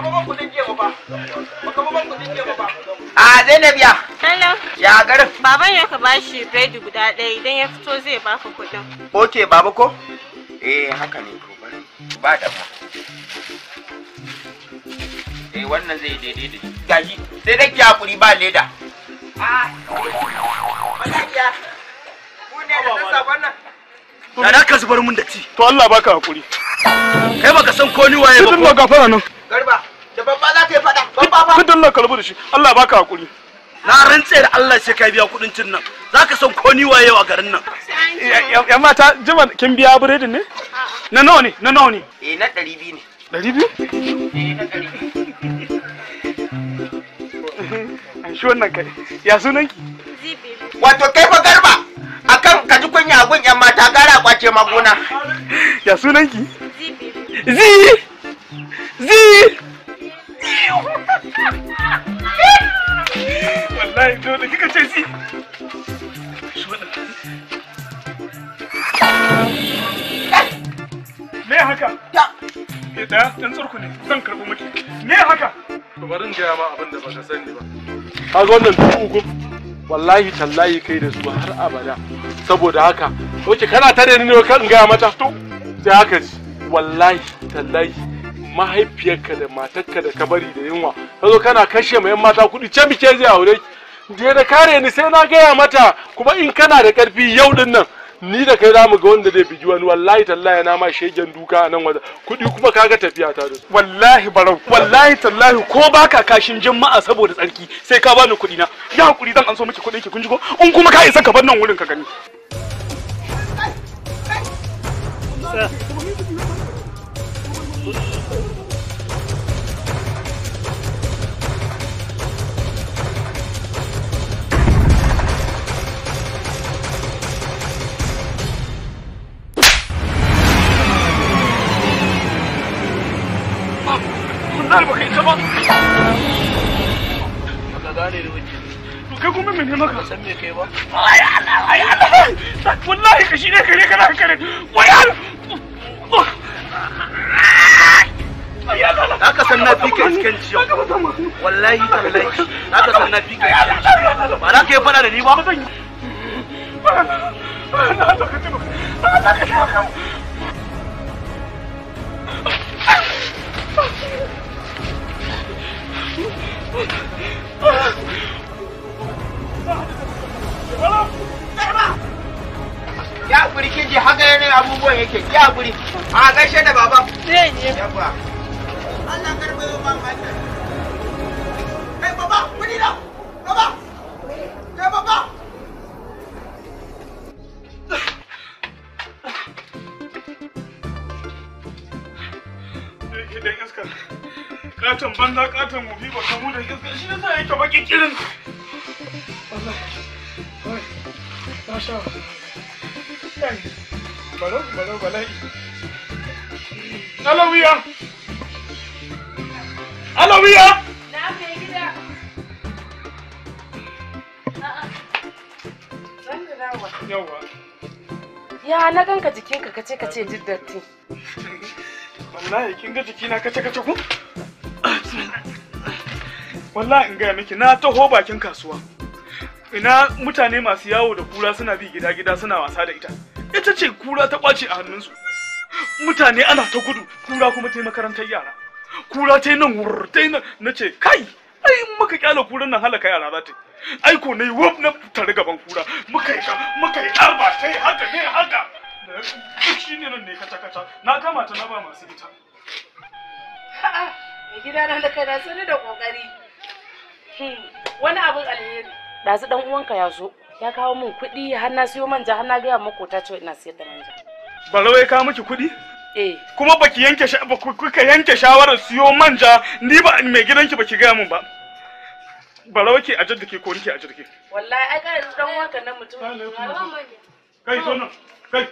A Zainab ya. Hello. Ya garin. Baban ya ka bashi biredi guda ɗaya idan ya fito zai baka kuɗin. Oke baba ko? Eh haka ne to Ba da Eh wannan zai daidai da gaji. Sai dai ki hakuri ba leda. Ah. Malakiya. Ku ne da nasa wannan. Da ka zubar mun da ci. To Allah baka hakuri. Kai baka san ko ni waye ba. Sidin magafara nan. Garba. babba za ka yi faɗa babba ba kudin nan kalbu da shi Allah baka hakuri na rantse da Allah sai ka biya kudin cin nan za ka san ko ni waye a garin nan yan mata kin biya biredin ne na nawa ne na nawa ne eh na 200 ne 200 eh na 200 shi wannan kai ya sunan ki wato kai fa garba akan ka ji kunya gun yan mata gara kwace magona ya sunan ki zi ne ɗan tsarku ne zan karɓi miki me haka to in gaya ma abin da baka sani ba kaga wannan dubu wallahi tallahi kai da su har abada saboda haka oke kana tare ni ne kan gaya mata to sai haka ji wallahi tallahi mahaifiyarka da matarka da kabari da yunwa kazo kana kashe ma yan mata kuɗi ce muke zai aure ki da kare ni sai na gaya mata kuma in kana da ƙarfi yau din nan ni da kai zamu ga wanda zai bigi wani wallahi tallahi na ma shegen duka a nan wajen kuɗi kuma kaga tafiya ta wallahi barau wallahi tallahi ko baka kashin jama'a saboda tsarki sai ka bani kuɗi na ya hakuri zan an so miki kudin ki kun ji ko in kuma ka isa ka bar nan wurin ka gani wallahi baka isa ba ka gane ni wuce to kai kuma mene maka san me kai ba ai Allah ai Allah wallahi ka shine kare kana kare wai Allah Haka san na fi kai cikin ciyo. Wallahi tallahi. Haka san na fi kai cikin da ni ba? Ba za ka yi fada da ni ba? a gaishe da baba. zai je yawa Allah karbe ba kai baba kudi da baba kai baba iska katon banza katon mufi ba kamu da iska shi yasa yake baki kirin ta sha balo balo bala'i Alawiya! Alawiya! Na mai Yawa. Ya na ganka jikinka kace kace jin datti. Wallahi kin ga jikina kace kace ku? Wallahi in gaya miki na taho bakin kasuwa. Ina mutane masu yawo da kura suna bi gida gida suna wasa da ita. Ita ce kura ta kwace a hannunsu. mutane ana ta gudu kura kuma ta yi makarantar yara kura ta yi nan wurr ta yi nan na ce kai ai muka kyala kuran nan halaka yara za ta yi ai ko na yi wuf na tare gaban kura muka yi muka yi arba ta yi haka ne haka shi ne nan ne kaca kaca na kama ta na ba masu ita gida na halaka na sani da kokari hmm, wani abin alheri ɗazu dan uwanka ya zo ya kawo min kuɗi har na siyo manja har na gaya makota cewa ina siyar da manja Barawai ka miki kuɗi? Eh. Kuma baki yanke ba kuka yanke shawarar siyo manja ni ba mai gidanki baki gaya min ba. Barawai ke a jirgi ko nike a jirgi. Wallahi ai kana dan wanka nan mutum. Kai zo nan. Kai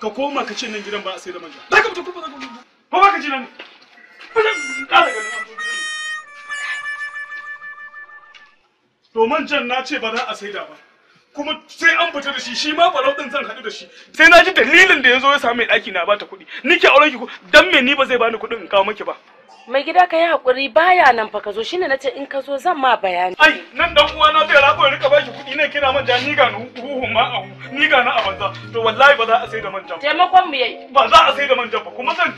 ka koma ka ce nan gidan ba a sai da manja. Za ka fita ko ba za ka fita. Ko ba ka ji nan. To manjan na ce ba za a saida ba. kuma sai an fita da shi shi ma farau din zan haɗu da shi sai na ji dalilin da ya zo ya samu mai ɗaki na bata kuɗi nike auren ki dan me ni ba zai bani kuɗin in kawo maki ba mai gida ka yi hakuri baya nan fa ka zo shine nace in ka zo zan ma bayani ai nan dan uwa na zai rako rika baki kuɗi ne kina manja ni ga nuhu ma a ni ga na a banza to wallahi ba za a sai da ba taimakon mu yayi ba za a sai da manjan ba kuma zan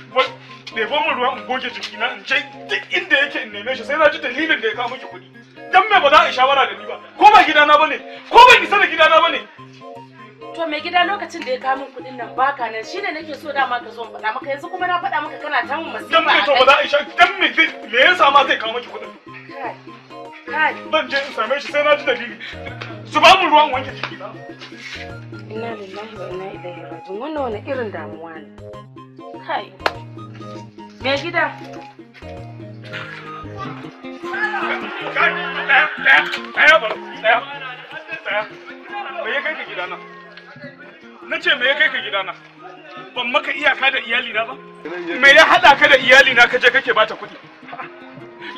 ɗebo min ruwa in goge jikina in je duk inda yake in neme shi sai na ji dalilin da ya kawo miki kuɗi dan me ba za a yi shawara da ni ba ko ba gidana bane ko ban isa da gidana bane to mai gida lokacin da ya kawo min kuɗin nan baka nan shine nake so dama ka zo faɗa maka yanzu kuma na faɗa maka kana ta mun masifa dan me to ba za a yi shawara dan me me yasa ma zai kawo miki kuɗin kai kai ban je in same shi sai na ji dalili su ba mu ruwan wanke jiki na inna lillahi wa inna ilaihi raji'un wannan wani irin damuwa ne kai mai gida Hello. tsaya tsaya ba tsaya tsaya na ce me ya kai ka gidana ban maka iyaka da iyalina ba me ya haɗa ka da iyalina ka je kake bata kuɗi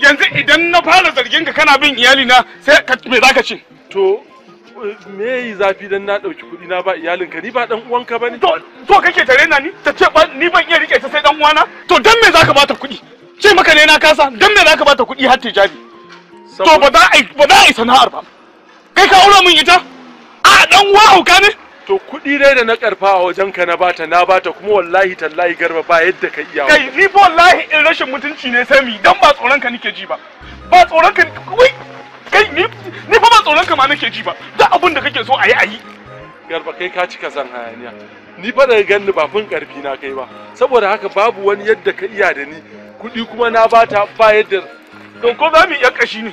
yanzu idan na fara zargin ka kana bin iyalina sai me za ka ce to me yi zafi dan na ɗauki kuɗi na ba iyalin ka ni ba dan uwanka bane to to kake tare na ni ta ce ba ni ban iya rike ta sai dan uwana to dan me za ka bata kuɗi ce maka ne na kasa dan me za ka bata kuɗi har tijabi to ba za a yi ba za a yi sana'ar ba kai ka aure min ita a dan wahu ka ne to kuɗi dai da na karfa a wajen ka na bata na bata kuma wallahi tallahi garba ba yadda ka iya kai ni fa wallahi in rashin mutunci ne sami dan ba tsoron ka nake ji ba ba tsoron ka wai kai ni ni fa ba tsoron ka ma nake ji ba Da abin da kake so a yi a yi garba kai ka cika zan hayaniya ni fa da ganni ba fun karfi na kai ba saboda haka babu wani yadda ka iya da ni kuɗi kuma na bata ba yadda don ko za mu iya kashi ne